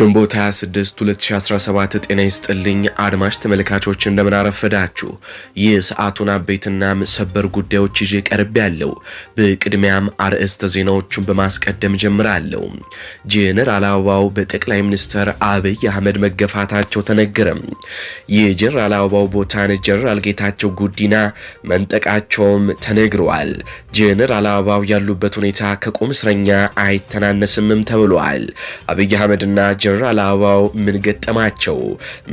ግንቦት 26 2017 ጤና ይስጥልኝ አድማጭ ተመልካቾች፣ እንደምን አረፈዳችሁ። ይህ ሰዓቱን አበይትናም ሰበር ጉዳዮች ይዤ ቀርብ ያለው። በቅድሚያም አርዕስተ ዜናዎቹን በማስቀደም ጀምራለሁ። ጄኔራል አበባው በጠቅላይ ሚኒስትር አብይ አህመድ መገፋታቸው ተነገረም። የጄኔራል አበባው ቦታን ጄኔራል ጌታቸው ጉዲና መንጠቃቸውም ተነግረዋል። ጄኔራል አበባው ያሉበት ሁኔታ ከቁም እስረኛ አይተናነስምም ተብሏል። አብይ አህመድና ጀነራል አበባው ምን ገጠማቸው?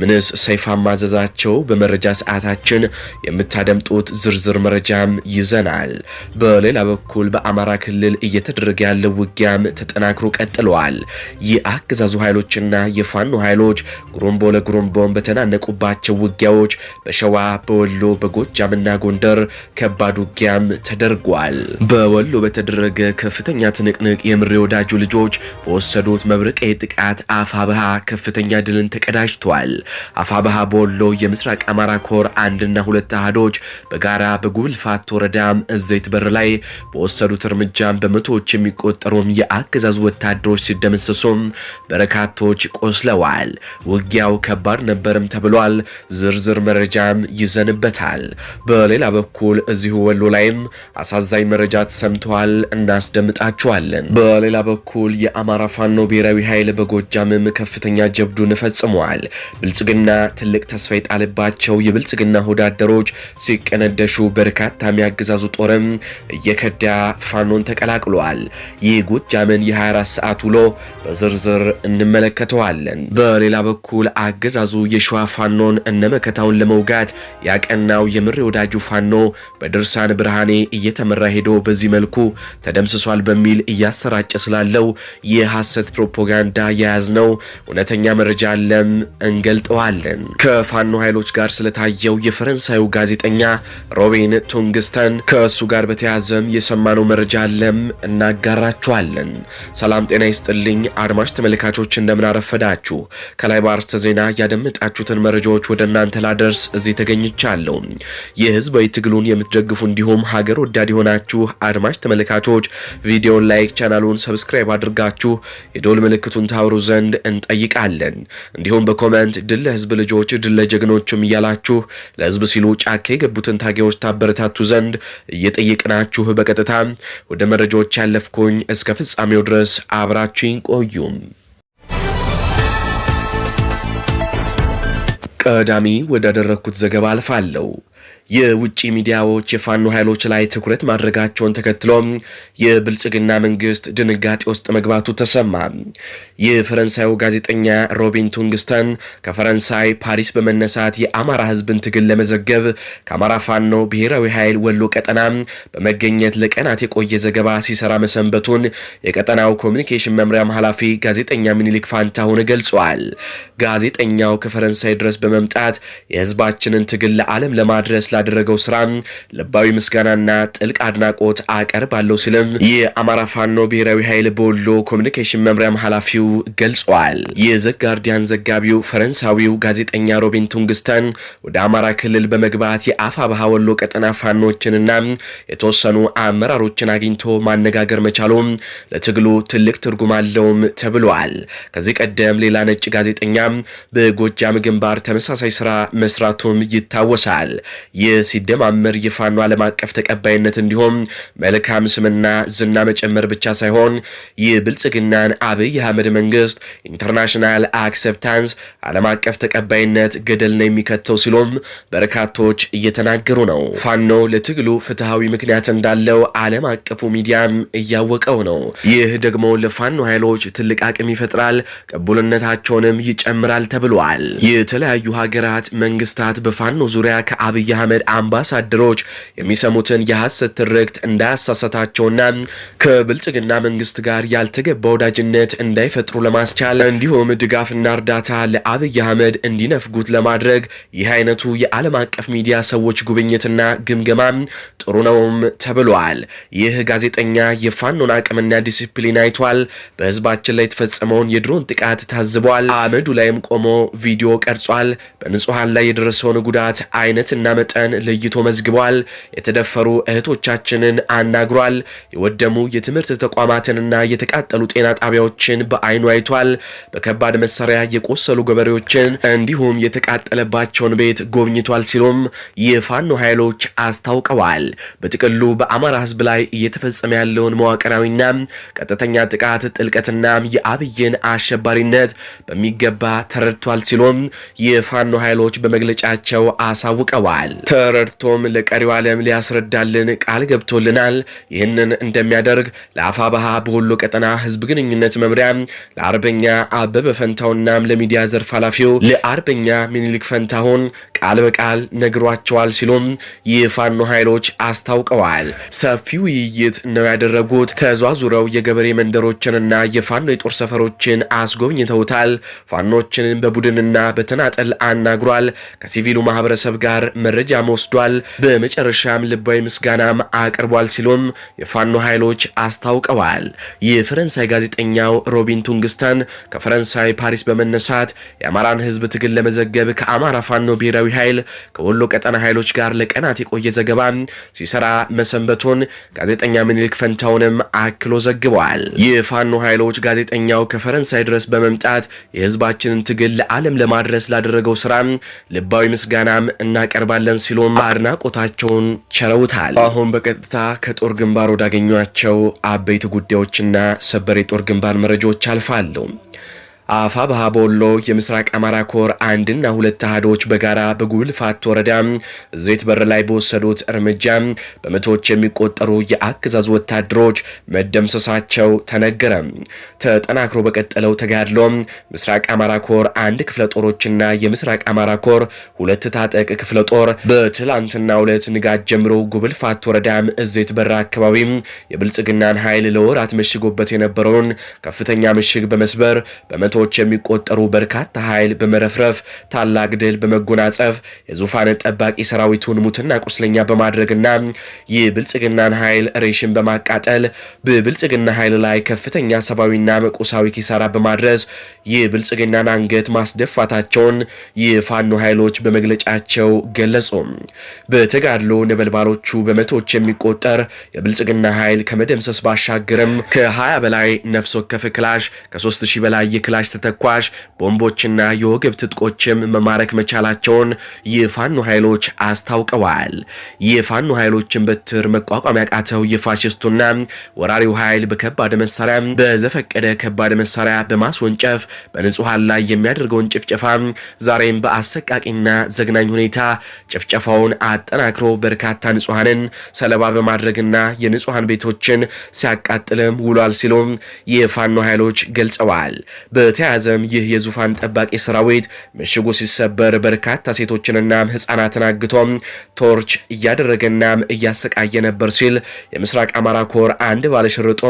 ምንስ ሰይፋ ማዘዛቸው? በመረጃ ሰዓታችን የምታደምጡት ዝርዝር መረጃም ይዘናል። በሌላ በኩል በአማራ ክልል እየተደረገ ያለው ውጊያም ተጠናክሮ ቀጥሏል። የአገዛዙ ኃይሎችና የፋኖ ኃይሎች ጉሮምቦ ለጉሮምቦን በተናነቁባቸው ውጊያዎች በሸዋ፣ በወሎ፣ በጎጃምና ጎንደር ከባድ ውጊያም ተደርጓል። በወሎ በተደረገ ከፍተኛ ትንቅንቅ የምሬ ወዳጁ ልጆች በወሰዱት መብረቃዊ ጥቃት አፋብሃ ከፍተኛ ድልን ተቀዳጅቷል። አፋብሃ በወሎ የምስራቅ አማራ ኮር አንድና ሁለት አህዶች በጋራ በጉብልፋት ወረዳም እዘይት በር ላይ በወሰዱት እርምጃም በመቶዎች የሚቆጠሩም የአገዛዙ ወታደሮች ሲደመሰሱም በርካቶች ቆስለዋል። ውጊያው ከባድ ነበርም ተብሏል። ዝርዝር መረጃም ይዘንበታል። በሌላ በኩል እዚሁ ወሎ ላይም አሳዛኝ መረጃ ተሰምተዋል። እናስደምጣችኋለን። በሌላ በኩል የአማራ ፋኖ ብሔራዊ ኃይል በጎጃም በመሆንም ከፍተኛ ጀብዱን ፈጽመዋል። ብልጽግና ትልቅ ተስፋ የጣለባቸው የብልጽግና ወዳደሮች ሲቀነደሹ በርካታ የሚያገዛዙ ጦርም እየከዳ ፋኖን ተቀላቅሏል። ይህ ጎጃምን የ24 ሰዓት ውሎ በዝርዝር እንመለከተዋለን። በሌላ በኩል አገዛዙ የሸዋ ፋኖን እነመከታውን ለመውጋት ያቀናው የምሬ ወዳጁ ፋኖ በድርሳን ብርሃኔ እየተመራ ሄዶ በዚህ መልኩ ተደምስሷል በሚል እያሰራጨ ስላለው የሐሰት ፕሮፓጋንዳ የያዝነው ነው። እውነተኛ መረጃ አለም እንገልጠዋለን። ከፋኖ ኃይሎች ጋር ስለታየው የፈረንሳዩ ጋዜጠኛ ሮቤን ቱንግስተን ከእሱ ጋር በተያዘም የሰማነው መረጃ አለም እናጋራችኋለን። ሰላም ጤና ይስጥልኝ አድማጭ ተመልካቾች እንደምን አረፈዳችሁ። ከላይ በአርስተ ዜና ያደመጣችሁትን መረጃዎች ወደ እናንተ ላደርስ እዚህ ተገኝቻለሁ። የህዝባዊ ትግሉን የምትደግፉ እንዲሁም ሀገር ወዳድ የሆናችሁ አድማጭ ተመልካቾች ቪዲዮን ላይክ፣ ቻናሉን ሰብስክራይብ አድርጋችሁ የዶል ምልክቱን ታብሩ ዘንድ ዘንድ እንጠይቃለን። እንዲሁም በኮመንት ድል ለህዝብ ልጆች፣ ድል ለጀግኖችም እያላችሁ ለህዝብ ሲሉ ጫካ የገቡትን ታጋዮች ታበረታቱ ዘንድ እየጠየቅናችሁ በቀጥታ ወደ መረጃዎች ያለፍኩኝ እስከ ፍጻሜው ድረስ አብራችኝ ቆዩም። ቀዳሚ ወዳደረግኩት ዘገባ አልፋለሁ። የውጭ ሚዲያዎች የፋኖ ኃይሎች ላይ ትኩረት ማድረጋቸውን ተከትሎ የብልጽግና መንግስት ድንጋጤ ውስጥ መግባቱ ተሰማ። የፈረንሳዩ ጋዜጠኛ ሮቢን ቱንግስተን ከፈረንሳይ ፓሪስ በመነሳት የአማራ ህዝብን ትግል ለመዘገብ ከአማራ ፋኖ ብሔራዊ ኃይል ወሎ ቀጠና በመገኘት ለቀናት የቆየ ዘገባ ሲሰራ መሰንበቱን የቀጠናው ኮሚኒኬሽን መምሪያም ኃላፊ ጋዜጠኛ ሚኒሊክ ፋንታሁን ገልጿል። ጋዜጠኛው ከፈረንሳይ ድረስ በመምጣት የህዝባችንን ትግል ለዓለም ለማድረስ ስላደረገው ስራ ልባዊ ምስጋናና ጥልቅ አድናቆት አቀርባለሁ ሲልም የአማራ ፋኖ ብሔራዊ ኃይል በወሎ ኮሚኒኬሽን መምሪያም ኃላፊው ገልጿል። የዘ ጋርዲያን ዘጋቢው ፈረንሳዊው ጋዜጠኛ ሮቢን ቱንግስተን ወደ አማራ ክልል በመግባት የአፋ ባሃ ወሎ ቀጠና ፋኖችንና የተወሰኑ አመራሮችን አግኝቶ ማነጋገር መቻሉም ለትግሉ ትልቅ ትርጉም አለውም ተብሏል። ከዚህ ቀደም ሌላ ነጭ ጋዜጠኛ በጎጃም ግንባር ተመሳሳይ ስራ መስራቱም ይታወሳል። ይህ ሲደማመር የፋኖ ዓለም አቀፍ ተቀባይነት እንዲሁም መልካም ስምና ዝና መጨመር ብቻ ሳይሆን ይህ ብልጽግናን አብይ አህመድ መንግስት ኢንተርናሽናል አክሰፕታንስ ዓለም አቀፍ ተቀባይነት ገደል ነው የሚከተው ሲሉም በርካቶች እየተናገሩ ነው። ፋኖ ለትግሉ ፍትሐዊ ምክንያት እንዳለው ዓለም አቀፉ ሚዲያም እያወቀው ነው። ይህ ደግሞ ለፋኖ ኃይሎች ትልቅ አቅም ይፈጥራል፣ ቅቡልነታቸውንም ይጨምራል ተብሏል። የተለያዩ ሀገራት መንግስታት በፋኖ ዙሪያ ከአብይ አህመድ አህመድ አምባሳደሮች የሚሰሙትን የሐሰት ትርክት እንዳያሳሰታቸውና ከብልጽግና መንግስት ጋር ያልተገባ ወዳጅነት እንዳይፈጥሩ ለማስቻል እንዲሁም ድጋፍና እርዳታ ለአብይ አህመድ እንዲነፍጉት ለማድረግ ይህ አይነቱ የዓለም አቀፍ ሚዲያ ሰዎች ጉብኝትና ግምገማ ጥሩ ነውም ተብሏል። ይህ ጋዜጠኛ የፋኖን አቅምና ዲሲፕሊን አይቷል። በህዝባችን ላይ የተፈጸመውን የድሮን ጥቃት ታዝቧል። አመዱ ላይም ቆሞ ቪዲዮ ቀርጿል። በንጹሐን ላይ የደረሰውን ጉዳት አይነትና መጠን ኢትዮጵያን ለይቶ መዝግቧል። የተደፈሩ እህቶቻችንን አናግሯል። የወደሙ የትምህርት ተቋማትንና የተቃጠሉ ጤና ጣቢያዎችን በአይኑ አይቷል። በከባድ መሳሪያ የቆሰሉ ገበሬዎችን እንዲሁም የተቃጠለባቸውን ቤት ጎብኝቷል ሲሉም የፋኖ ኃይሎች አስታውቀዋል። በጥቅሉ በአማራ ህዝብ ላይ እየተፈጸመ ያለውን መዋቅራዊና ቀጥተኛ ጥቃት ጥልቀትና የአብይን አሸባሪነት በሚገባ ተረድቷል ሲሉም የፋኖ ኃይሎች በመግለጫቸው አሳውቀዋል። ተረድቶም ለቀሪው ዓለም ሊያስረዳልን ቃል ገብቶልናል። ይህንን እንደሚያደርግ ለአፋ ባሃ በወሎ ቀጠና ህዝብ ግንኙነት መምሪያ ለአርበኛ አበበ ፈንታውና ለሚዲያ ዘርፍ ኃላፊው ለአርበኛ ሚኒሊክ ፈንታሁን ቃል በቃል ነግሯቸዋል ሲሉም የፋኖ ኃይሎች አስታውቀዋል። ሰፊ ውይይት ነው ያደረጉት። ተዟዙረው የገበሬ መንደሮችንና የፋኖ የጦር ሰፈሮችን አስጎብኝተውታል። ፋኖችንን በቡድንና በተናጠል አናግሯል። ከሲቪሉ ማህበረሰብ ጋር መረጃም ወስዷል። በመጨረሻም ልባዊ ምስጋናም አቅርቧል ሲሉም የፋኖ ኃይሎች አስታውቀዋል። የፈረንሳይ ጋዜጠኛው ሮቢን ቱንግስተን ከፈረንሳይ ፓሪስ በመነሳት የአማራን ህዝብ ትግል ለመዘገብ ከአማራ ፋኖ ብሔራዊ ወታደራዊ ኃይል ከወሎ ቀጠና ኃይሎች ጋር ለቀናት የቆየ ዘገባ ሲሰራ መሰንበቱን ጋዜጠኛ ምኒልክ ፈንታውንም አክሎ ዘግበዋል። የፋኖ ኃይሎች ጋዜጠኛው ከፈረንሳይ ድረስ በመምጣት የህዝባችንን ትግል ለዓለም ለማድረስ ላደረገው ስራ ልባዊ ምስጋናም እናቀርባለን ሲሉም አድናቆታቸውን ቸረውታል። አሁን በቀጥታ ከጦር ግንባር ወዳገኟቸው አበይት ጉዳዮችና ሰበር የጦር ግንባር መረጃዎች አልፋለሁ። አፋ በሀቦሎ የምስራቅ አማራ ኮር አንድና ሁለት አህዶች በጋራ በጉልፋት ወረዳ ዘይት በር ላይ በወሰዱት እርምጃ በመቶዎች የሚቆጠሩ የአገዛዙ ወታደሮች መደምሰሳቸው ተነገረ። ተጠናክሮ በቀጠለው ተጋድሎ ምስራቅ አማራ ኮር አንድ ክፍለ ጦሮችና የምስራቅ አማራ ኮር ሁለት ታጠቅ ክፍለ ጦር በትላንትና ሁለት ንጋት ጀምሮ ጉብልፋት ወረዳ እዜት በር አካባቢ የብልጽግናን ኃይል ለወራት መሽጎበት የነበረውን ከፍተኛ ምሽግ በመስበር በመቶ በመቶዎች የሚቆጠሩ በርካታ ኃይል በመረፍረፍ ታላቅ ድል በመጎናጸፍ የዙፋን ጠባቂ ሰራዊቱን ሙትና ቁስለኛ በማድረግና የብልጽግናን ኃይል ሬሽን በማቃጠል በብልጽግና ኃይል ላይ ከፍተኛ ሰብአዊና መቁሳዊ ኪሳራ በማድረስ የብልጽግናን አንገት ማስደፋታቸውን የፋኖ ኃይሎች በመግለጫቸው ገለጹ። በተጋድሎ ነበልባሎቹ በመቶዎች የሚቆጠር የብልጽግና ኃይል ከመደምሰስ ባሻገርም ከ20 በላይ ነፍስ ወከፍ ክላሽ ከ3000 በላይ የክላሽ አዳራሽ ተተኳሽ ቦምቦችና የወገብ ትጥቆችም መማረክ መቻላቸውን የፋኖ ኃይሎች አስታውቀዋል። የፋኖ ኃይሎችን በትር መቋቋም ያቃተው የፋሽስቱና ወራሪው ኃይል በከባድ መሳሪያ በዘፈቀደ ከባድ መሳሪያ በማስወንጨፍ በንጹሐን ላይ የሚያደርገውን ጭፍጨፋ ዛሬም በአሰቃቂና ዘግናኝ ሁኔታ ጭፍጨፋውን አጠናክሮ በርካታ ንጹሐንን ሰለባ በማድረግና የንጹሐን ቤቶችን ሲያቃጥልም ውሏል ሲሉ የፋኖ ኃይሎች ገልጸዋል። በተያያዘም ይህ የዙፋን ጠባቂ ሰራዊት ምሽጉ ሲሰበር በርካታ ሴቶችንና ህጻናትን አግቶ ቶርች እያደረገና እያሰቃየ ነበር ሲል የምስራቅ አማራ ኮር አንድ ባለሽርጦ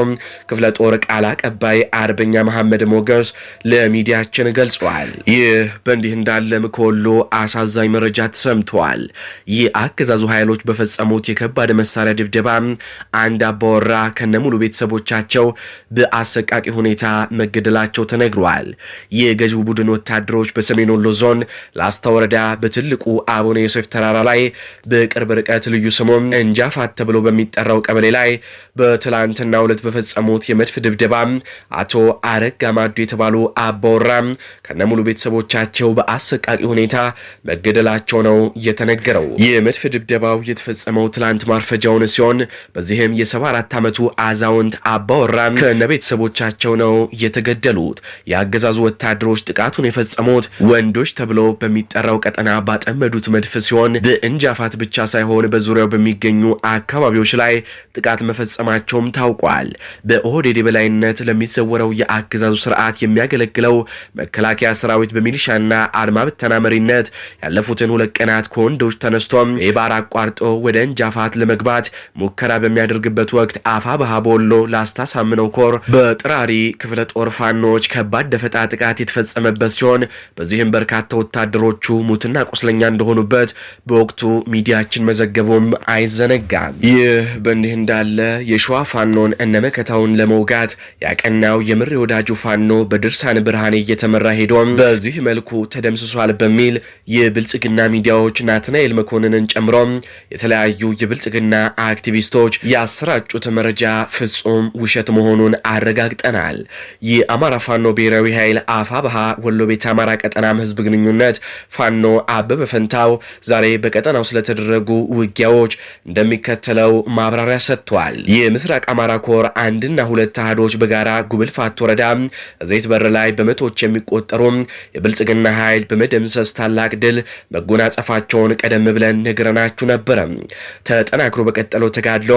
ክፍለ ጦር ቃል አቀባይ አርበኛ መሐመድ ሞገስ ለሚዲያችን ገልጿል። ይህ በእንዲህ እንዳለም ከወሎ አሳዛኝ መረጃ ተሰምተዋል። ይህ አገዛዙ ኃይሎች በፈጸሙት የከባድ መሳሪያ ድብደባ አንድ አባወራ ከነሙሉ ቤተሰቦቻቸው በአሰቃቂ ሁኔታ መገደላቸው ተነግሯል። ተናግረዋል። የገዢው ቡድን ወታደሮች በሰሜን ወሎ ዞን ላስታ ወረዳ በትልቁ አቡነ ዮሴፍ ተራራ ላይ በቅርብ ርቀት ልዩ ስሙም እንጃፋት ተብሎ በሚጠራው ቀበሌ ላይ በትላንትና ዕለት በፈጸሙት የመድፍ ድብደባ አቶ አረጋ ማዶ የተባሉ አባወራ ከነሙሉ ቤተሰቦቻቸው በአሰቃቂ ሁኔታ መገደላቸው ነው የተነገረው። የመድፍ ድብደባው የተፈጸመው ትላንት ማርፈጃውን ሲሆን በዚህም የ74 ዓመቱ አዛውንት አባወራ ከነ ቤተሰቦቻቸው ነው የተገደሉት። የአገዛዙ ወታደሮች ጥቃቱን የፈጸሙት ወንዶች ተብሎ በሚጠራው ቀጠና ባጠመዱት መድፍ ሲሆን በእንጃፋት ብቻ ሳይሆን በዙሪያው በሚገኙ አካባቢዎች ላይ ጥቃት መፈጸማቸውም ታውቋል። በኦህዴድ የበላይነት ለሚዘወረው የአገዛዙ ስርዓት የሚያገለግለው መከላከያ ሰራዊት በሚሊሻና አድማ ብተና መሪነት ያለፉትን ሁለት ቀናት ከወንዶች ተነስቶም የባር አቋርጦ ወደ እንጃፋት ለመግባት ሙከራ በሚያደርግበት ወቅት አፋ በሃ ላስታሳምነው ኮር በጥራሪ ክፍለ ጦር ፋኖች ከባድ የደፈጣ ጥቃት የተፈጸመበት ሲሆን በዚህም በርካታ ወታደሮቹ ሙትና ቁስለኛ እንደሆኑበት በወቅቱ ሚዲያችን መዘገቡም አይዘነጋም። ይህ በእንዲህ እንዳለ የሸዋ ፋኖን እነመከታውን ለመውጋት ያቀናው የምሬ ወዳጁ ፋኖ በድርሳን ብርሃኔ እየተመራ ሄዶም በዚህ መልኩ ተደምስሷል በሚል የብልጽግና ሚዲያዎች ናትናኤል መኮንንን ጨምሮም የተለያዩ የብልጽግና አክቲቪስቶች ያሰራጩት መረጃ ፍጹም ውሸት መሆኑን አረጋግጠናል። የአማራ ፋኖ ብሔራዊ ሚሊተሪ ኃይል አፋ ባሃ ወሎ ቤት አማራ ቀጠናም ህዝብ ግንኙነት ፋኖ አበበ ፈንታው ዛሬ በቀጠናው ስለተደረጉ ውጊያዎች እንደሚከተለው ማብራሪያ ሰጥቷል። የምስራቅ አማራ ኮር አንድና ሁለት አህዶች በጋራ ጉብልፋት ወረዳ ዘይት በር ላይ በመቶዎች የሚቆጠሩ የብልጽግና ኃይል በመደምሰስ ታላቅ ድል መጎናጸፋቸውን ቀደም ብለን ነግረናችሁ ነበረ። ተጠናክሮ በቀጠለው ተጋድሎ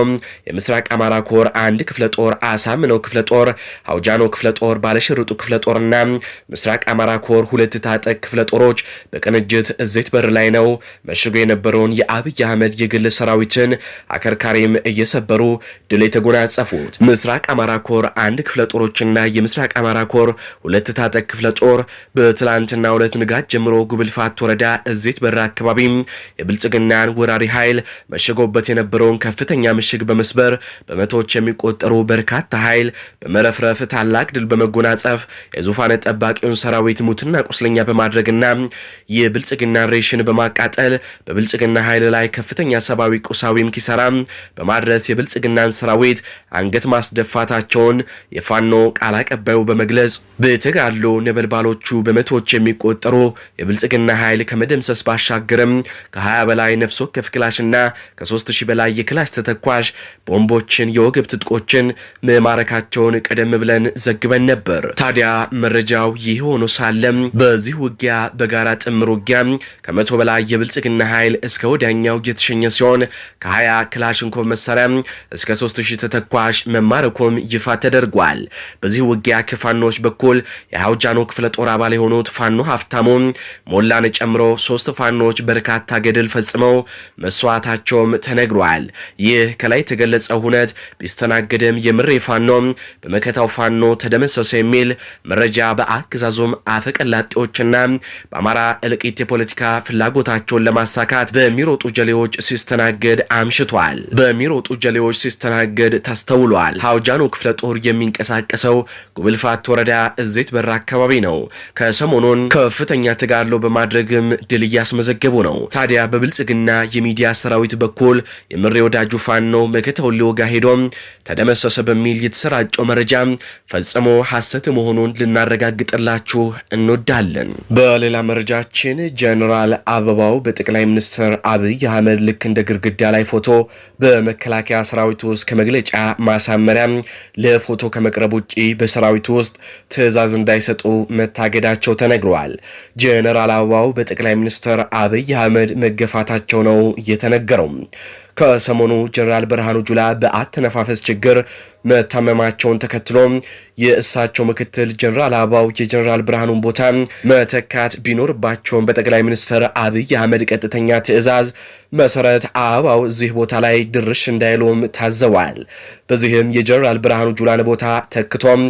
የምስራቅ አማራ ኮር አንድ ክፍለ ጦር፣ አሳምነው ክፍለ ጦር፣ አውጃኖ ክፍለ ጦር፣ ባለሽርጡ ክፍለ ጦር ጦርና ምስራቅ አማራ ኮር ሁለት ታጠቅ ክፍለ ጦሮች በቅንጅት እዜት በር ላይ ነው መሽጎ የነበረውን የአብይ አህመድ የግል ሰራዊትን አከርካሪም እየሰበሩ ድል የተጎናጸፉት። ምስራቅ አማራ ኮር አንድ ክፍለ ጦሮችና የምስራቅ አማራ ኮር ሁለት ታጠቅ ክፍለ ጦር በትላንትና ሁለት ንጋት ጀምሮ ጉብልፋት ወረዳ እዜት በር አካባቢ የብልጽግናን ወራሪ ኃይል መሽጎበት የነበረውን ከፍተኛ ምሽግ በመስበር በመቶዎች የሚቆጠሩ በርካታ ኃይል በመረፍረፍ ታላቅ ድል በመጎናጸፍ የዙፋነ ጠባቂውን ሰራዊት ሙትና ቁስለኛ በማድረግና የብልጽግና ሬሽን በማቃጠል በብልጽግና ኃይል ላይ ከፍተኛ ሰብአዊ ቁሳዊም ኪሰራ በማድረስ የብልጽግናን ሰራዊት አንገት ማስደፋታቸውን የፋኖ ቃል አቀባዩ በመግለጽ በተጋድሎ ነበልባሎቹ በመቶዎች የሚቆጠሩ የብልጽግና ኃይል ከመደምሰስ ባሻገርም ከ20 በላይ ነፍስ ወከፍ ክላሽና ከ3000 በላይ የክላሽ ተተኳሽ ቦምቦችን፣ የወገብ ትጥቆችን መማረካቸውን ቀደም ብለን ዘግበን ነበር። ታዲያ መረጃው ይህ ሆኖ ሳለም በዚህ ውጊያ በጋራ ጥምር ውጊያ ከመቶ በላይ የብልጽግና ኃይል እስከ ወዲያኛው የተሸኘ ሲሆን ከ20 ክላሽንኮቭ መሳሪያ እስከ 3000 ተተኳሽ መማረኩም ይፋ ተደርጓል። በዚህ ውጊያ ከፋኖች በኩል የአውጃኖ ክፍለ ጦር አባል የሆኑት ፋኖ ሀፍታሙ ሞላን ጨምሮ ሶስት ፋኖች በርካታ ገድል ፈጽመው መስዋዕታቸውም ተነግሯል። ይህ ከላይ የተገለጸው ሁነት ቢስተናገድም የምሬ ፋኖ በመከታው ፋኖ ተደመሰሰ የሚል መረጃ በአገዛዙም አፈቀላጤዎችና በአማራ እልቂት የፖለቲካ ፍላጎታቸውን ለማሳካት በሚሮጡ ጀሌዎች ሲስተናገድ አምሽቷል። በሚሮጡ ጀሌዎች ሲስተናገድ ተስተውሏል። ሀውጃኖ ክፍለ ጦር የሚንቀሳቀሰው ጉብልፋት ወረዳ እዜት በራ አካባቢ ነው። ከሰሞኑን ከፍተኛ ተጋድሎ በማድረግም ድል እያስመዘገቡ ነው። ታዲያ በብልጽግና የሚዲያ ሰራዊት በኩል የምሬ ወዳጁ ፋኖ መከታውን ሊወጋ ሄዶም ተደመሰሰ በሚል የተሰራጨው መረጃ ፈጽሞ ሐሰት መሆኑን ልናረጋግጥላችሁ እንወዳለን። በሌላ መረጃችን ጀኔራል አበባው በጠቅላይ ሚኒስትር አብይ አህመድ ልክ እንደ ግድግዳ ላይ ፎቶ በመከላከያ ሰራዊት ውስጥ ከመግለጫ ማሳመሪያ ለፎቶ ከመቅረብ ውጭ በሰራዊቱ ውስጥ ትዕዛዝ እንዳይሰጡ መታገዳቸው ተነግረዋል። ጀኔራል አበባው በጠቅላይ ሚኒስትር አብይ አህመድ መገፋታቸው ነው የተነገረው። ከሰሞኑ ጀኔራል ብርሃኑ ጁላ በአተነፋፈስ ችግር መታመማቸውን ተከትሎ የእሳቸው ምክትል ጀኔራል አበባው የጀኔራል ብርሃኑን ቦታ መተካት ቢኖርባቸውም በጠቅላይ ሚኒስትር አብይ አህመድ ቀጥተኛ ትዕዛዝ መሰረት አበባው እዚህ ቦታ ላይ ድርሽ እንዳይሉም ታዘዋል። በዚህም የጀነራል ብርሃኑ ጁላን ቦታ ተክቶም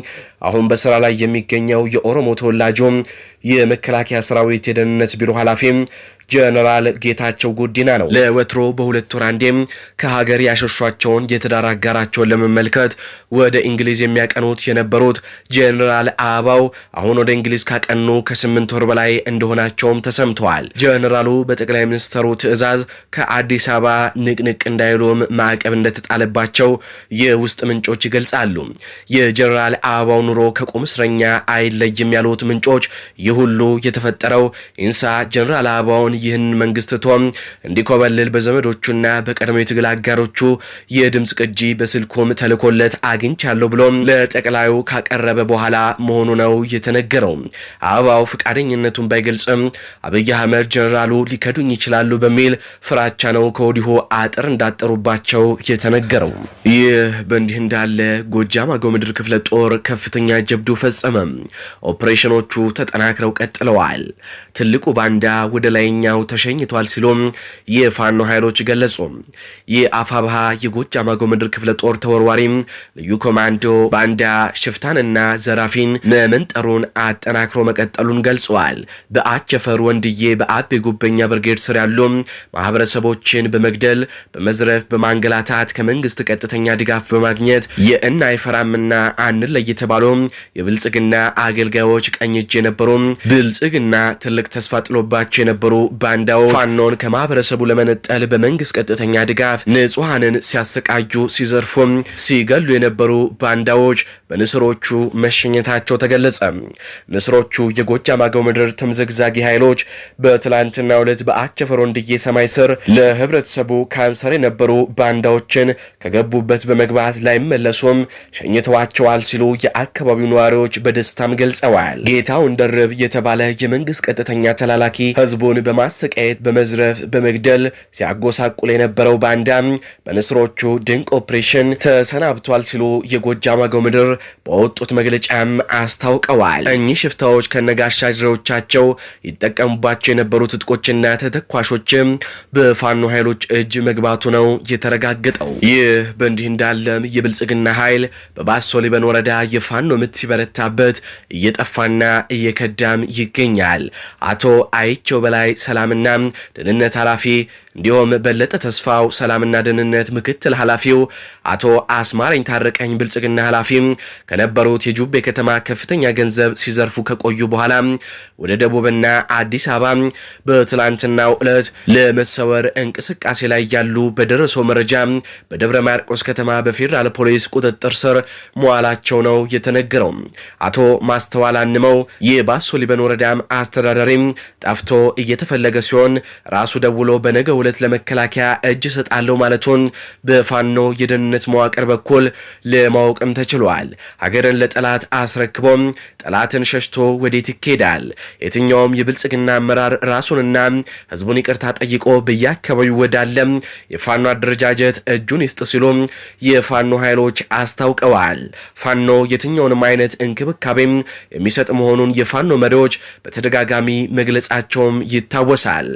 አሁን በስራ ላይ የሚገኘው የኦሮሞ ተወላጁ የመከላከያ ሰራዊት የደህንነት ቢሮ ኃላፊም ጀነራል ጌታቸው ጉዲና ነው። ለወትሮ በሁለት ወር አንዴም ከሀገር ያሸሿቸውን የትዳር አጋራቸውን ለመመልከት ወደ እንግሊዝ የሚያቀኑት የነበሩት ጀነራል አበባው አሁን ወደ እንግሊዝ ካቀኑ ከስምንት ወር በላይ እንደሆናቸውም ተሰምተዋል። ጀነራሉ በጠቅላይ ሚኒስትሩ ትዕዛዝ ከአዲስ አበባ ንቅንቅ እንዳይሉም ማዕቀብ እንደተጣለባቸው የውስጥ ምንጮች ይገልጻሉ። የጀኔራል አበባው ኑሮ ከቁም እስረኛ አይለይም ያሉት ምንጮች ይህ ሁሉ የተፈጠረው ኢንሳ ጀኔራል አበባውን ይህን መንግስት ቶም እንዲኮበልል በዘመዶቹና በቀድሞ የትግል አጋሮቹ የድምፅ ቅጂ በስልኩም ተልኮለት አግኝቻለሁ ብሎም ለጠቅላዩ ካቀረበ በኋላ መሆኑ ነው የተነገረው። አበባው ፈቃደኝነቱን ባይገልጽም አብይ አህመድ ጀኔራሉ ሊከዱኝ ይችላሉ በሚል ፍራ በፍራቻ ነው ከወዲሁ አጥር እንዳጠሩባቸው የተነገረው። ይህ በእንዲህ እንዳለ ጎጃም አገው ምድር ክፍለ ጦር ከፍተኛ ጀብዱ ፈጸመ። ኦፕሬሽኖቹ ተጠናክረው ቀጥለዋል። ትልቁ ባንዳ ወደ ላይኛው ተሸኝቷል ሲሉም የፋኖ ኃይሎች ገለጹ። የአፋብሃ የጎጃም አገው ምድር ክፍለ ጦር ተወርዋሪ ልዩ ኮማንዶ ባንዳ ሽፍታንና ዘራፊን መመንጠሩን አጠናክሮ መቀጠሉን ገልጸዋል። በአቸፈር ወንድዬ በአቤ ጉበኛ ብርጌድ ስር ያሉ ማህበረሰብ ግለሰቦችን በመግደል በመዝረፍ በማንገላታት ከመንግስት ቀጥተኛ ድጋፍ በማግኘት የእናይፈራምና አይፈራምና አንለይ የተባሉ የብልጽግና አገልጋዮች ቀኝ እጅ የነበሩ ብልጽግና ትልቅ ተስፋ ጥሎባቸው የነበሩ ባንዳው ፋኖን ከማህበረሰቡ ለመነጠል በመንግስት ቀጥተኛ ድጋፍ ንጹሐንን ሲያሰቃዩ፣ ሲዘርፉ፣ ሲገሉ የነበሩ ባንዳዎች በንስሮቹ መሸኘታቸው ተገለጸ። ንስሮቹ የጎጃም አገው ምድር ተምዘግዛጊ ኃይሎች በትላንትና ሁለት በአቸፈር ወንድዬ ሰማይ ስር ለህብረተሰቡ ካንሰር የነበሩ ባንዳዎችን ከገቡበት በመግባት ላይመለሱም ሸኝተዋቸዋል ሲሉ የአካባቢው ነዋሪዎች በደስታም ገልጸዋል። ጌታውን ደርብ የተባለ የመንግስት ቀጥተኛ ተላላኪ ህዝቡን በማሰቃየት በመዝረፍ በመግደል ሲያጎሳቁል የነበረው ባንዳም በንስሮቹ ድንቅ ኦፕሬሽን ተሰናብቷል ሲሉ የጎጃም አገው ምድር በወጡት መግለጫም አስታውቀዋል። እኚህ ሽፍታዎች ከነጋሻ ጅሬዎቻቸው ይጠቀሙባቸው የነበሩ ትጥቆችና ተተኳሾችም በፋኖ ኃይሎች እጅ መግባቱ ነው የተረጋገጠው። ይህ በእንዲህ እንዳለም የብልጽግና ኃይል በባሶ ሊበን ወረዳ የፋኖ ምት ሲበረታበት እየጠፋና እየከዳም ይገኛል። አቶ አይቸው በላይ ሰላምና ደህንነት ኃላፊ እንዲሁም በለጠ ተስፋው ሰላምና ደህንነት ምክትል ኃላፊው አቶ አስማረኝ ታረቀኝ ብልጽግና ኃላፊ ከነበሩት የጁቤ ከተማ ከፍተኛ ገንዘብ ሲዘርፉ ከቆዩ በኋላ ወደ ደቡብና አዲስ አበባ በትላንትናው ዕለት ለመሰወር ወር እንቅስቃሴ ላይ ያሉ በደረሰው መረጃ በደብረ ማርቆስ ከተማ በፌዴራል ፖሊስ ቁጥጥር ስር መዋላቸው ነው የተነገረው። አቶ ማስተዋል አንመው የባሶ ሊበን ወረዳም አስተዳዳሪም ጠፍቶ እየተፈለገ ሲሆን ራሱ ደውሎ በነገ ውለት ለመከላከያ እጅ ሰጣለሁ ማለቱን በፋኖ የደህንነት መዋቅር በኩል ለማወቅም ተችሏል። ሀገርን ለጠላት አስረክቦም ጠላትን ሸሽቶ ወዴት ይኬዳል? የትኛውም የብልጽግና አመራር ራሱንና ህዝቡን ይቅርታ ጠይቆ በየአካባቢው ወዳለ የፋኖ አደረጃጀት እጁን ይስጥ ሲሉ የፋኖ ኃይሎች አስታውቀዋል። ፋኖ የትኛውንም አይነት እንክብካቤም የሚሰጥ መሆኑን የፋኖ መሪዎች በተደጋጋሚ መግለጻቸውም ይታወሳል።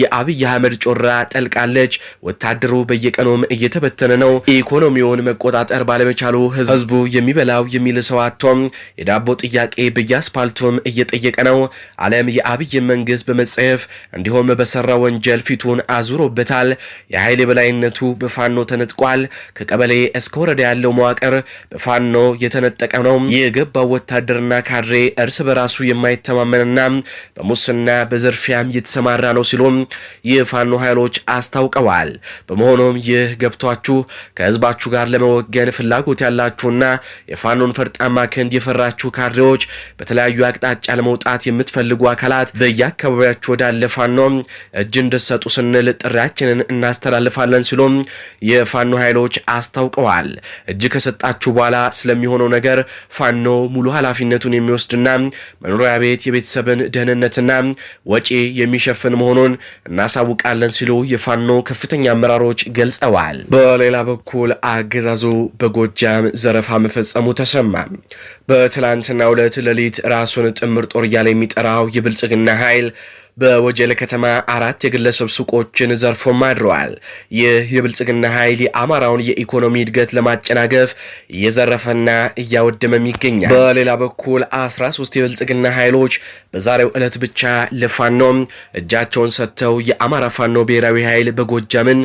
የአብይ አህመድ ጮራ ጠልቃለች። ወታደሩ በየቀኑም እየተበተነ ነው። ኢኮኖሚውን መቆጣጠር ባለመቻሉ ህዝቡ የሚበላው የሚልሰው አጥቶም የዳቦ ጥያቄ በየአስፓልቱም እየጠየቀ ነው። ዓለም የአብይ መንግስት በመጸየፍ እንዲሁም በሰራ ወንጀል ፊቱን አዙሮበታል። የኃይል የበላይነቱ በፋኖ ተነጥቋል። ከቀበሌ እስከ ወረዳ ያለው መዋቅር በፋኖ የተነጠቀ ነው። የገባው ወታደርና ካድሬ እርስ በራሱ የማይተማመንና በሙስና በዘርፊያም የተሰማራ ነው ሲሉም የፋኖ ኃይሎች አስታውቀዋል። በመሆኑም ይህ ገብቷችሁ ከህዝባችሁ ጋር ለመወገን ፍላጎት ያላችሁና የፋኖን ፈርጣማ ክንድ የፈራችሁ ካድሬዎች በተለያዩ አቅጣጫ ለመውጣት የምትፈልጉ አካላት በየአካባቢያችሁ ወዳለ ፋኖ እጅ እንደሰጡ ስን እንድንል ጥሪያችንን እናስተላልፋለን ሲሉም የፋኖ ኃይሎች አስታውቀዋል። እጅ ከሰጣችሁ በኋላ ስለሚሆነው ነገር ፋኖ ሙሉ ኃላፊነቱን የሚወስድና መኖሪያ ቤት የቤተሰብን ደህንነትና ወጪ የሚሸፍን መሆኑን እናሳውቃለን ሲሉ የፋኖ ከፍተኛ አመራሮች ገልጸዋል። በሌላ በኩል አገዛዙ በጎጃም ዘረፋ መፈጸሙ ተሰማ። በትላንትና ሁለት ሌሊት ራሱን ጥምር ጦር እያለ የሚጠራው የብልጽግና ኃይል በወጀለ ከተማ አራት የግለሰብ ሱቆችን ዘርፎም አድረዋል። ይህ የብልጽግና ኃይል የአማራውን የኢኮኖሚ እድገት ለማጨናገፍ እየዘረፈና እያወደመም ይገኛል። በሌላ በኩል 13 የብልጽግና ኃይሎች በዛሬው ዕለት ብቻ ለፋኖ እጃቸውን ሰጥተው የአማራ ፋኖ ብሔራዊ ኃይል በጎጃምን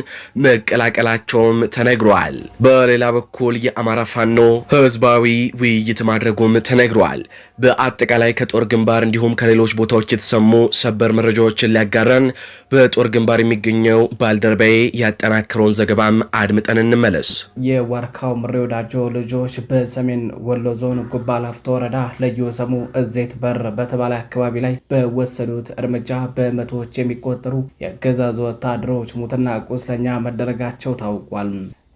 መቀላቀላቸውም ተነግሯል። በሌላ በኩል የአማራ ፋኖ ህዝባዊ ውይይት ማድረጉም ተነግሯል። በአጠቃላይ ከጦር ግንባር እንዲሁም ከሌሎች ቦታዎች የተሰሙ ሰበር መረጃዎችን ሊያጋራን በጦር ግንባር የሚገኘው ባልደረባዬ ያጠናክረውን ዘገባም አድምጠን እንመለስ። የዋርካው ምሬ ወዳጆ ልጆች በሰሜን ወሎ ዞን ጉባ ላፍቶ ወረዳ ለየወሰሙ እዜት በር በተባለ አካባቢ ላይ በወሰዱት እርምጃ በመቶዎች የሚቆጠሩ የአገዛዙ ወታደሮች ሙትና ቁስለኛ መደረጋቸው ታውቋል።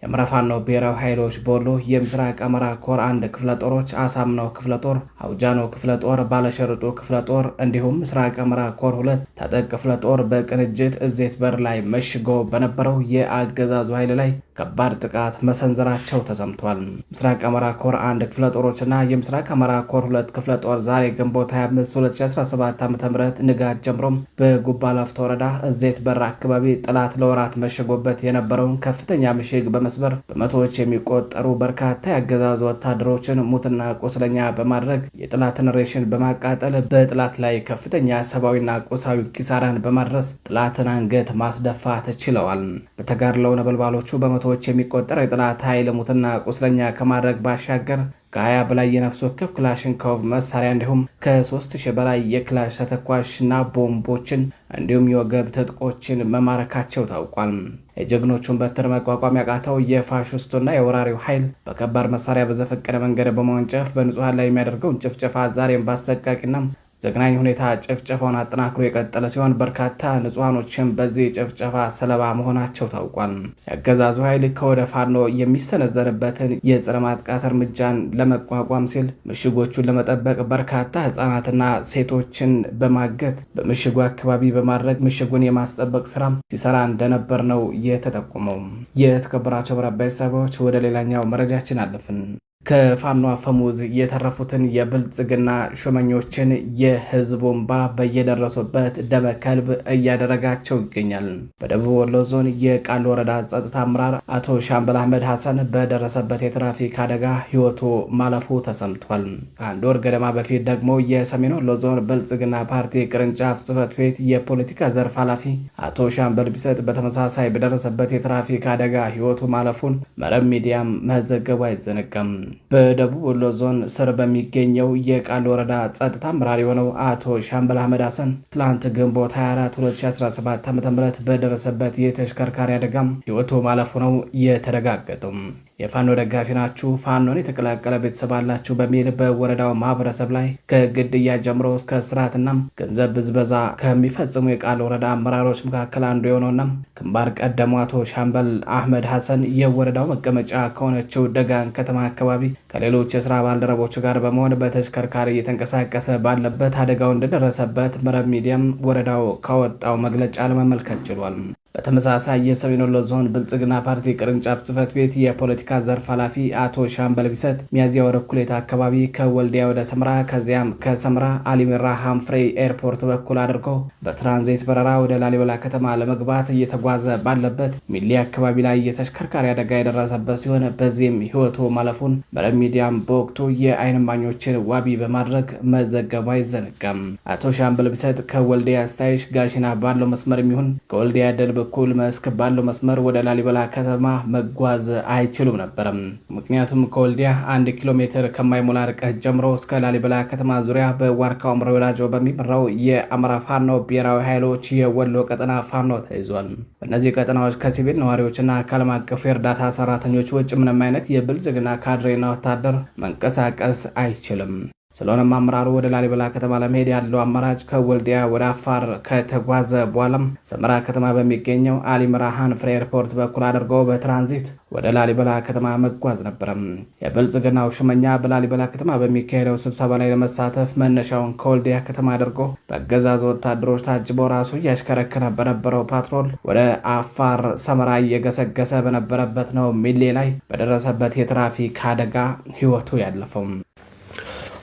የአማራ ብሔራዊ ኃይሎች በወሎ የምስራቅ አማራ ኮር አንድ ክፍለ ጦሮች አሳምነው ክፍለ ጦር፣ አውጃኖ ክፍለ ጦር፣ ባለሸርጡ ክፍለ ጦር እንዲሁም ምስራቅ አማራ ኮር ሁለት ተጠቅ ክፍለ ጦር በቅንጅት እዜት በር ላይ መሽጎ በነበረው የአገዛዙ ኃይል ላይ ከባድ ጥቃት መሰንዘራቸው ተሰምቷል። ምስራቅ አማራ ኮር አንድ ክፍለ ጦሮችና የምስራቅ አማራ ኮር ሁለት ክፍለ ጦር ዛሬ ግንቦት 25 2017 ዓ ም ንጋት ጀምሮም በጉባ ላፍቶ ወረዳ እዜት በር አካባቢ ጠላት ለወራት መሽጎበት የነበረውን ከፍተኛ ምሽግ በመስ በመስበር በመቶዎች የሚቆጠሩ በርካታ የአገዛዙ ወታደሮችን ሙትና ቁስለኛ በማድረግ የጥላትን ሬሽን በማቃጠል በጥላት ላይ ከፍተኛ ሰብአዊና ቁሳዊ ኪሳራን በማድረስ ጥላትን አንገት ማስደፋት ችለዋል። በተጋድለው ነበልባሎቹ በመቶዎች የሚቆጠር የጥላት ኃይል ሙትና ቁስለኛ ከማድረግ ባሻገር ከሀያ በላይ የነፍስ ወከፍ ክላሽንኮቭ መሳሪያ እንዲሁም ከሶስት ሺህ በላይ የክላሽ ተተኳሽና ቦምቦችን እንዲሁም የወገብ ትጥቆችን መማረካቸው ታውቋል። የጀግኖቹን በትር መቋቋም ያቃተው የፋሽስቱና የወራሪው ኃይል በከባድ መሳሪያ በዘፈቀደ መንገድ በመወንጨፍ በንጹሐን ላይ የሚያደርገውን ጭፍጨፋ ዛሬም በአሰቃቂና ዘግናኝ ሁኔታ ጭፍጨፋውን አጠናክሮ የቀጠለ ሲሆን በርካታ ንጹሐኖችም በዚህ ጭፍጨፋ ሰለባ መሆናቸው ታውቋል። የአገዛዙ ኃይል ከወደ ፋኖ የሚሰነዘርበትን የጸረ ማጥቃት እርምጃን ለመቋቋም ሲል ምሽጎቹን ለመጠበቅ በርካታ ህጻናትና ሴቶችን በማገት በምሽጉ አካባቢ በማድረግ ምሽጉን የማስጠበቅ ስራ ሲሰራ እንደነበር ነው የተጠቁመው። የተከበራቸው ብራ ቤተሰቦች ወደ ሌላኛው መረጃችን አለፍን። ከፋኖ አፈሙዝ የተረፉትን የብልጽግና ሹመኞችን የህዝቡ እንባ በየደረሱበት ከልብ እያደረጋቸው ይገኛል። በደቡብ ወሎ ዞን የቃል ወረዳ ጸጥታ አመራር አቶ ሻምበል አህመድ ሐሰን በደረሰበት የትራፊክ አደጋ ህይወቱ ማለፉ ተሰምቷል። ከአንድ ወር ገደማ በፊት ደግሞ የሰሜን ወሎ ዞን ብልጽግና ፓርቲ ቅርንጫፍ ጽህፈት ቤት የፖለቲካ ዘርፍ ኃላፊ አቶ ሻምበል ቢሰጥ በተመሳሳይ በደረሰበት የትራፊክ አደጋ ህይወቱ ማለፉን መረብ ሚዲያም መዘገቡ አይዘነጋም። በደቡብ ወሎ ዞን ስር በሚገኘው የቃል ወረዳ ጸጥታ አመራር የሆነው አቶ ሻምበል አህመድ ሀሰን ትላንት ግንቦት 24 2017 ዓ ም በደረሰበት የተሽከርካሪ አደጋም ህይወቱ ማለፉ ነው የተረጋገጠው። የፋኖ ደጋፊ ናችሁ፣ ፋኖን የተቀላቀለ ቤተሰብ አላችሁ በሚል በወረዳው ማህበረሰብ ላይ ከግድያ ጀምሮ እስከ ስርዓትና ገንዘብ ብዝበዛ ከሚፈጽሙ የቃል ወረዳ አመራሮች መካከል አንዱ የሆነውና ግንባር ቀደሙ አቶ ሻምበል አህመድ ሐሰን የወረዳው መቀመጫ ከሆነችው ደጋን ከተማ አካባቢ ከሌሎች የስራ ባልደረቦች ጋር በመሆን በተሽከርካሪ እየተንቀሳቀሰ ባለበት አደጋው እንደደረሰበት መረብ ሚዲያም ወረዳው ካወጣው መግለጫ ለመመልከት ችሏል። በተመሳሳይ የሰሜን ወሎ ዞን ብልጽግና ፓርቲ ቅርንጫፍ ጽህፈት ቤት የፖለቲካ ዘርፍ ኃላፊ አቶ ሻምበል ቢሰት ሚያዝያ ወር እኩሌታ አካባቢ ከወልዲያ ወደ ሰምራ ከዚያም ከሰምራ አሊሚራ ሃምፍሬ ኤርፖርት በኩል አድርጎ በትራንዚት በረራ ወደ ላሊበላ ከተማ ለመግባት እየተጓዘ ባለበት ሚሊ አካባቢ ላይ የተሽከርካሪ አደጋ የደረሰበት ሲሆን በዚህም ህይወቱ ማለፉን መረብ ሚዲያም በወቅቱ የአይን እማኞችን ዋቢ በማድረግ መዘገቡ አይዘነጋም። አቶ ሻምበል ቢሰት ከወልዲያ ስታይሽ ጋሽና ባለው መስመር የሚሆን ከወልዲያ ደልብ በኩል መስክ ባለው መስመር ወደ ላሊበላ ከተማ መጓዝ አይችሉም ነበርም። ምክንያቱም ከወልዲያ አንድ ኪሎ ሜትር ከማይሞላ ርቀት ጀምሮ እስከ ላሊበላ ከተማ ዙሪያ በዋርካው ምረ ወዳጆ በሚመራው የአማራ ፋኖ ብሔራዊ ኃይሎች የወሎ ቀጠና ፋኖ ተይዟል። በእነዚህ ቀጠናዎች ከሲቪል ነዋሪዎችና ከዓለም አቀፉ የእርዳታ ሰራተኞች ውጭ ምንም አይነት የብልጽግና ካድሬና ወታደር መንቀሳቀስ አይችልም። ስለሆነም አመራሩ ወደ ላሊበላ ከተማ ለመሄድ ያለው አማራጭ ከወልዲያ ወደ አፋር ከተጓዘ በኋላም ሰመራ ከተማ በሚገኘው አሊምራሃን ፍሬ ኤርፖርት በኩል አድርጎ በትራንዚት ወደ ላሊበላ ከተማ መጓዝ ነበረም። የብልጽግናው ሹመኛ በላሊበላ ከተማ በሚካሄደው ስብሰባ ላይ ለመሳተፍ መነሻውን ከወልዲያ ከተማ አድርጎ በገዛዝ ወታደሮች ታጅቦ ራሱ እያሽከረከረ በነበረው ፓትሮል ወደ አፋር ሰመራ እየገሰገሰ በነበረበት ነው ሚሌ ላይ በደረሰበት የትራፊክ አደጋ ህይወቱ ያለፈው።